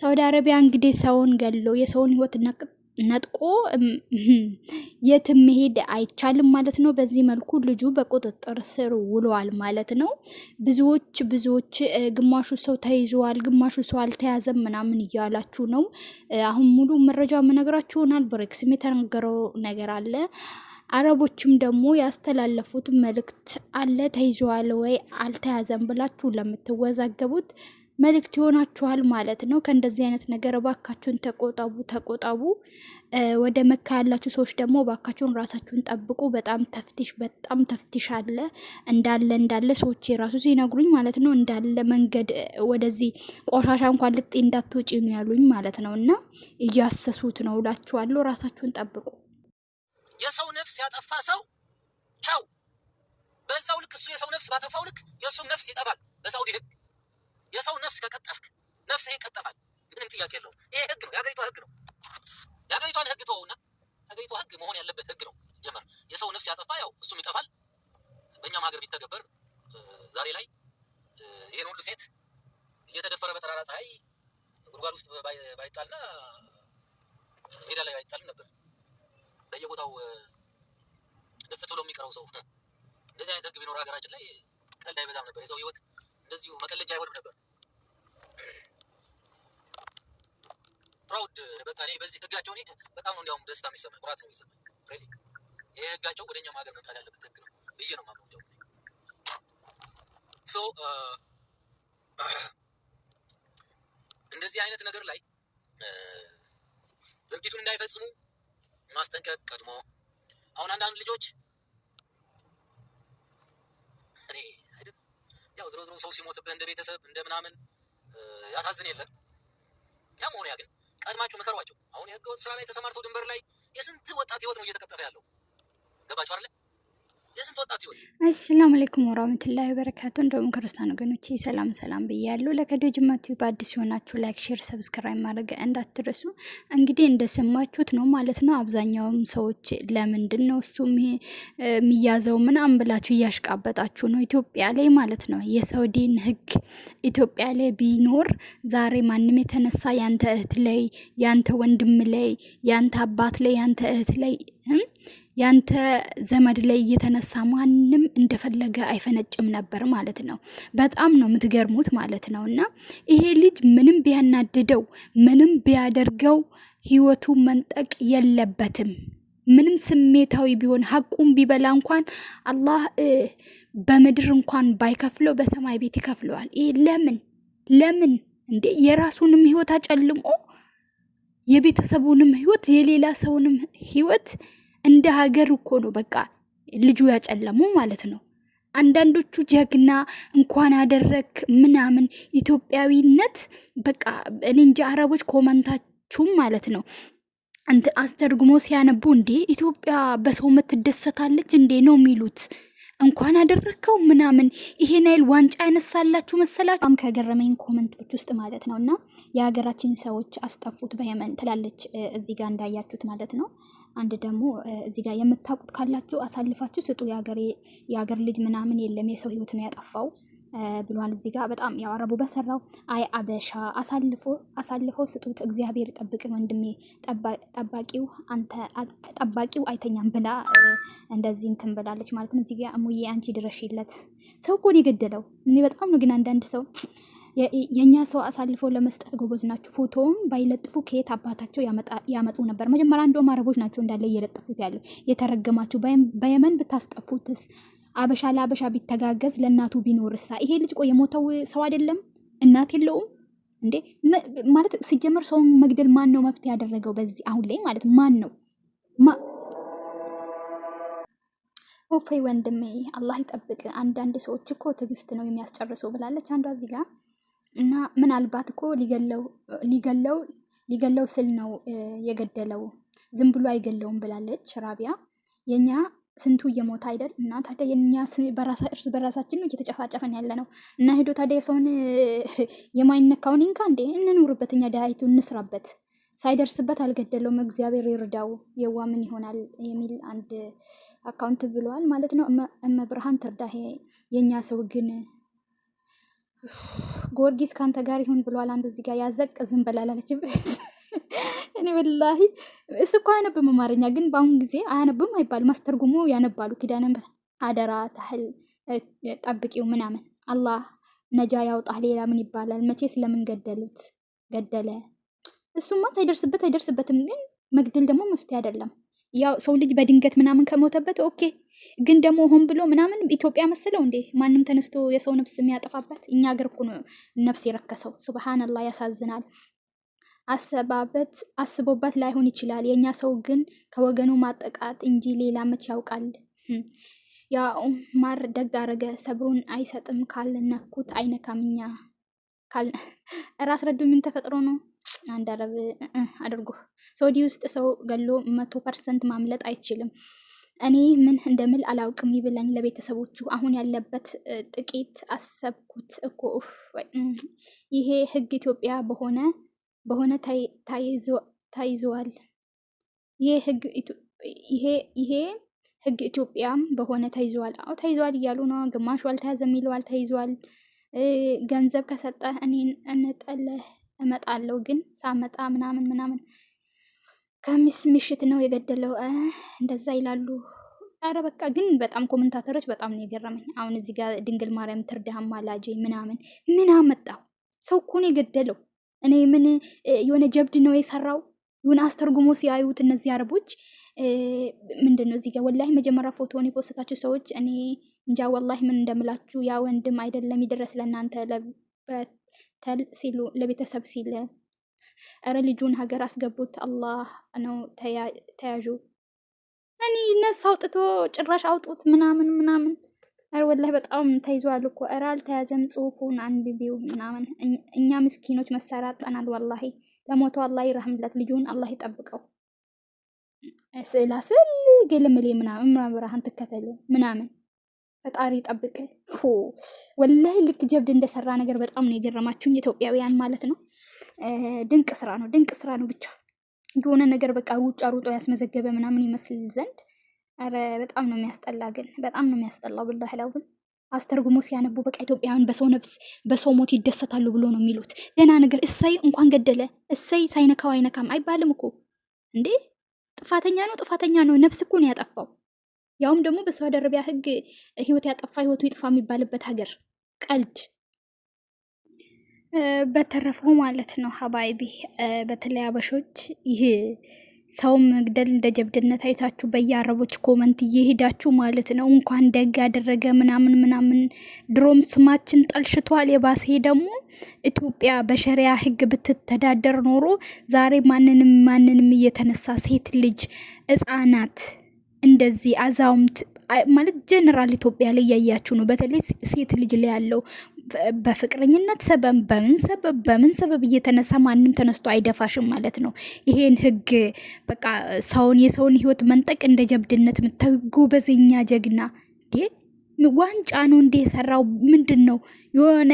ሳውዲ አረቢያ እንግዲህ ሰውን ገሎ የሰውን ህይወት ነጥቆ የትም መሄድ አይቻልም ማለት ነው። በዚህ መልኩ ልጁ በቁጥጥር ስር ውሏል ማለት ነው። ብዙዎች ብዙዎች ግማሹ ሰው ተይዘዋል፣ ግማሹ ሰው አልተያዘም ምናምን እያላችሁ ነው። አሁን ሙሉ መረጃ የምነግራችሁ ይሆናል። ብሬክስም የተነገረው ነገር አለ። አረቦችም ደግሞ ያስተላለፉት መልእክት አለ። ተይዘዋል ወይ አልተያዘም ብላችሁ ለምትወዛገቡት መልእክት ይሆናችኋል ማለት ነው። ከእንደዚህ አይነት ነገር እባካችሁን ተቆጠቡ ተቆጠቡ። ወደ መካ ያላችሁ ሰዎች ደግሞ እባካችሁን ራሳችሁን ጠብቁ። በጣም ተፍቲሽ በጣም ተፍቲሽ አለ እንዳለ እንዳለ ሰዎች የራሱ ሲነግሩኝ ማለት ነው እንዳለ መንገድ ወደዚህ ቆሻሻ እንኳን ልጤ እንዳትወጪ ነው ያሉኝ ማለት ነው። እና እያሰሱት ነው እላችኋለሁ። ራሳችሁን ጠብቁ። የሰው ነፍስ ያጠፋ ሰው ቻው። በዛው ልክ እሱ የሰው ነፍስ ባጠፋው ልክ የእሱም ነፍስ ይጠፋል በሳውዲ ልክ የሰው ነፍስ ከቀጠፍክ ነፍስ ይቀጠፋል። ምንም ጥያቄ የለውም። ይሄ ህግ ነው፣ የሀገሪቷ ህግ ነው። የሀገሪቷን ህግ ተወውና ሀገሪቷ ህግ መሆን ያለበት ህግ ነው። ጀመር የሰው ነፍስ ያጠፋ ያው እሱም ይጠፋል። በእኛም ሀገር ቢተገበር ዛሬ ላይ ይህን ሁሉ ሴት እየተደፈረ በተራራ ፀሐይ ጉድጓድ ውስጥ ባይጣልና ሜዳ ላይ ባይጣልም ነበር። በየቦታው ድፍት ብሎ የሚቀረው ሰው እንደዚህ አይነት ህግ ቢኖር ሀገራችን ላይ ቀልድ አይበዛም ነበር። የሰው ህይወት እንደዚሁ መቀለጃ አይሆንም ነበር። ፕራውድ በቃ እኔ በዚህ ህጋቸው እኔ በጣም ነው እንዲያውም ደስታ የሚሰማኝ ኩራት ነው የሚሰማኝ። ይህ ህጋቸው ወደ እኛም ሀገር መምጣት ያለበት ህግ ነው ብዬ ነው ማምነው። እንዲያውም ሶ uh, እንደዚህ አይነት ነገር ላይ uh, ድርጊቱን እንዳይፈጽሙ ማስጠንቀቅ ቀድሞ አሁን አንዳንድ ልጆች ያው ዝሮ ዝሮ ሰው ሲሞትብህ እንደ ቤተሰብ እንደ ምናምን ያሳዝን የለም። ያም ሆኖ ያ ግን ቀድማችሁ መከሯቸው። አሁን የህገወጥ ስራ ላይ ተሰማርተው ድንበር ላይ የስንት ወጣት ህይወት ነው እየተቀጠፈ ያለው። አሰላሙ አለይኩም ወራህመቱላሂ ወበረካቱ። እንደውም ክርስቲያን ወገኖቼ ሰላም ሰላም ብያለሁ። ለከዶ ጅማቱ በአዲስ የሆናችሁ ላይክ፣ ሼር፣ ሰብስክራይብ ማድረግ እንዳትረሱ። እንግዲህ እንደሰማችሁት ነው ማለት ነው። አብዛኛውም ሰዎች ለምንድን ነው እሱ የሚያዘው ምናምን ብላችሁ እያሽቃበጣችሁ ነው። ኢትዮጵያ ላይ ማለት ነው የሳውዲን ህግ ኢትዮጵያ ላይ ቢኖር ዛሬ ማንም የተነሳ ያንተ እህት ላይ፣ ያንተ ወንድም ላይ፣ ያንተ አባት ላይ፣ ያንተ እህት ላይ ያንተ ዘመድ ላይ እየተነሳ ማንም እንደፈለገ አይፈነጭም ነበር ማለት ነው። በጣም ነው የምትገርሙት ማለት ነው። እና ይሄ ልጅ ምንም ቢያናድደው ምንም ቢያደርገው ህይወቱ መንጠቅ የለበትም። ምንም ስሜታዊ ቢሆን ሀቁም ቢበላ እንኳን አላህ በምድር እንኳን ባይከፍለው በሰማይ ቤት ይከፍለዋል። ይሄ ለምን ለምን እንዴ የራሱንም ህይወት አጨልሞ የቤተሰቡንም ህይወት የሌላ ሰውንም ህይወት እንደ ሀገር እኮ ነው በቃ ልጁ ያጨለሙ ማለት ነው። አንዳንዶቹ ጀግና እንኳን አደረክ ምናምን ኢትዮጵያዊነት በቃ እኔ እንጂ አረቦች ኮመንታችሁም ማለት ነው አስተርጉሞ ሲያነቡ እንዴ ኢትዮጵያ በሰው ምትደሰታለች እንዴ ነው የሚሉት። እንኳን አደረከው ምናምን ይሄን አይል ዋንጫ ያነሳላችሁ መሰላችሁ። በጣም ከገረመኝ ኮመንቶች ውስጥ ማለት ነው እና የሀገራችን ሰዎች አስጠፉት በየመን ትላለች እዚህ ጋር እንዳያችሁት ማለት ነው። አንድ ደግሞ እዚህ ጋር የምታውቁት ካላችሁ አሳልፋችሁ ስጡ፣ የሀገር ልጅ ምናምን የለም የሰው ህይወት ነው ያጠፋው ብሏል። እዚህ ጋር በጣም ያው አረቡ በሰራው አይ አበሻ አሳልፎ አሳልፈው ስጡት፣ እግዚአብሔር ጠብቅ ወንድሜ፣ ጠባቂው አንተ ጠባቂው አይተኛም ብላ እንደዚህ እንትን ብላለች ማለት ነው። እዚህ ጋር እሙዬ አንቺ ድረሽለት። ሰው እኮ ነው የገደለው። እኔ በጣም ነው ግን አንዳንድ ሰው የእኛ ሰው አሳልፈው ለመስጠት ጎበዝ ናቸው። ፎቶውን ባይለጥፉ ከየት አባታቸው ያመጡ ነበር? መጀመሪያ እንደውም አረቦች ናቸው እንዳለ እየለጠፉት ያለው። የተረገማችሁ በየመን ብታስጠፉትስ? አበሻ ለአበሻ ቢተጋገዝ ለእናቱ ቢኖርሳ? ይሄ ልጅ ቆይ የሞተው ሰው አይደለም? እናት የለውም እንዴ? ማለት ሲጀመር ሰውን መግደል ማን ነው መፍትሄ ያደረገው? በዚህ አሁን ላይ ማለት ማን ነው? ኦፌ ወንድሜ አላህ ይጠብቅ። አንዳንድ ሰዎች እኮ ትዕግስት ነው የሚያስጨርሰው ብላለች አንዷ እዚህ ጋር እና ምናልባት እኮ ሊገለው ሊገለው ስል ነው የገደለው ዝም ብሎ አይገለውም ብላለች ራቢያ። የኛ ስንቱ እየሞተ አይደል? እና ታዲያ የኛ እርስ በራሳችን ነው እየተጨፋጨፈን ያለ ነው። እና ሄዶ ታዲያ የሰውን የማይነካውን እንካ እንዴ እንኑርበት፣ እኛ እንስራበት። ሳይደርስበት አልገደለውም፣ እግዚአብሔር ይርዳው፣ የዋ ምን ይሆናል የሚል አንድ አካውንት ብለዋል ማለት ነው። እመብርሃን ትርዳ። የእኛ ሰው ግን ጎርጊስ ከአንተ ጋር ይሁን ብሏል። አንዱ እዚህ ጋር ያዘቅ ዝም በላላለች። እኔ ወላሂ እሱ እኮ አያነብም አማርኛ፣ ግን በአሁን ጊዜ አያነብም አይባልም፣ አስተርጉሞ ያነባሉ። ኪዳነም አደራ ታህል ጠብቂው ምናምን አላህ ነጃ ያውጣህ። ሌላ ምን ይባላል? መቼ ስለምን ገደሉት ገደለ። እሱማ ሳይደርስበት አይደርስበትም፣ ግን መግደል ደግሞ መፍትሄ አይደለም። ያው ሰው ልጅ በድንገት ምናምን ከሞተበት ኦኬ ግን ደግሞ ሆን ብሎ ምናምን ኢትዮጵያ መስለው እንዴ ማንም ተነስቶ የሰው ነፍስ የሚያጠፋበት እኛ ገር እኮ ነው ነፍስ የረከሰው። ሱብሃነላህ ያሳዝናል። አሰባበት አስቦበት ላይሆን ይችላል። የእኛ ሰው ግን ከወገኑ ማጠቃት እንጂ ሌላ መች ያውቃል? ያ ዑማር ደግ አረገ። ሰብሩን አይሰጥም ካልነኩት አይነካምኛ እኛ ራስ ረዱ ምን ተፈጥሮ ነው? አንድ አረብ አድርጎ ሳውዲ ውስጥ ሰው ገሎ መቶ ፐርሰንት ማምለጥ አይችልም። እኔ ምን እንደምል አላውቅም ይብለኝ ለቤተሰቦቹ። አሁን ያለበት ጥቂት አሰብኩት እኮ ይሄ ህግ ኢትዮጵያ በሆነ በሆነ ታይዘዋል። ይሄ ህግ ኢትዮጵያም በሆነ ተይዘዋል። አዎ ተይዘዋል እያሉ ነው። ግማሹ አልተያዘም ይለዋል። ተይዘዋል። ገንዘብ ከሰጠ እኔን እንጠለህ እመጣለሁ ግን ሳመጣ ምናምን ምናምን ከሚስ ምሽት ነው የገደለው እንደዛ ይላሉ። አረ በቃ ግን በጣም ኮመንታተሮች በጣም ነው የገረመኝ። አሁን እዚህ ጋር ድንግል ማርያም ትርዳ ማላጄ ምናምን ምን አመጣው? ሰው እኮ ነው የገደለው። እኔ ምን የሆነ ጀብድ ነው የሰራው ይሁን አስተርጉሞ ሲያዩት እነዚህ አረቦች ምንድን ነው እዚህ ጋር ወላሂ መጀመሪያ ፎቶን የፖስታችሁ ሰዎች እኔ እንጃ ወላሂ ምን እንደምላችሁ። ያ ወንድም አይደለም ይደረስ ለእናንተ ለቤተሰብ ሲል እረ ልጁን ሀገር አስገቡት። አላህ ነው ተያዡ። እኔ ነፍስ አውጥቶ ጭራሽ አውጡት ምናምን ምናምን። ኧረ ወላሂ በጣም ተይዟል እኮ። ኧረ አልተያዘም፣ ጽሁፉን አንብቢው ምናምን። እኛ ምስኪኖች መሳሪያ አጣናል። ወላሂ ለሞተው አላህ ይረህምለት፣ ልጁን አላህ ይጠብቀው። ስዕላ ስል ግልምሌ ምናምን ምናምን ብርሃን ትከተል ምናምን ፈጣሪ ጠብቅ ወላይ ልክ ጀብድ እንደሰራ ነገር በጣም ነው የገረማችሁኝ ኢትዮጵያውያን ማለት ነው። ድንቅ ስራ ነው፣ ድንቅ ስራ ነው። ብቻ እንደሆነ ነገር በቃ ሩጫ ሩጦ ያስመዘገበ ምናምን ይመስል ዘንድ ኧረ በጣም ነው የሚያስጠላ፣ ግን በጣም ነው የሚያስጠላው። ብላህ ላውዝም አስተርጉሞ ሲያነቡ በቃ ኢትዮጵያውያን በሰው ነብስ በሰው ሞት ይደሰታሉ ብሎ ነው የሚሉት። ደህና ነገር እሰይ እንኳን ገደለ እሰይ ሳይነካው አይነካም አይባልም እኮ እንዴ። ጥፋተኛ ነው ጥፋተኛ ነው፣ ነብስ እኮ ነው ያጠፋው። ያውም ደግሞ በሳውዲ አረቢያ ህግ ህይወት ያጠፋ ህይወቱ ይጥፋ የሚባልበት ሀገር ቀልድ። በተረፈው ማለት ነው ሀባይቢ በተለይ አበሾች ይህ ሰው መግደል እንደ ጀብድነት አይታችሁ በየአረቦች ኮመንት እየሄዳችሁ ማለት ነው እንኳን ደግ ያደረገ ምናምን ምናምን። ድሮም ስማችን ጠልሽቷል። የባሴ ደግሞ ኢትዮጵያ በሸሪያ ህግ ብትተዳደር ኖሮ ዛሬ ማንንም ማንንም እየተነሳ ሴት ልጅ ህጻናት እንደዚህ አዛውምት ማለት ጀነራል ኢትዮጵያ ላይ እያያችሁ ነው። በተለይ ሴት ልጅ ላይ ያለው በፍቅረኝነት ሰበብ በምን ሰበብ በምን ሰበብ እየተነሳ ማንም ተነስቶ አይደፋሽም ማለት ነው። ይሄን ህግ በቃ ሰውን የሰውን ህይወት መንጠቅ እንደ ጀብድነት የምታዩ ጀግና ዋንጫ ነው እንዴ የሰራው ምንድን ነው የሆነ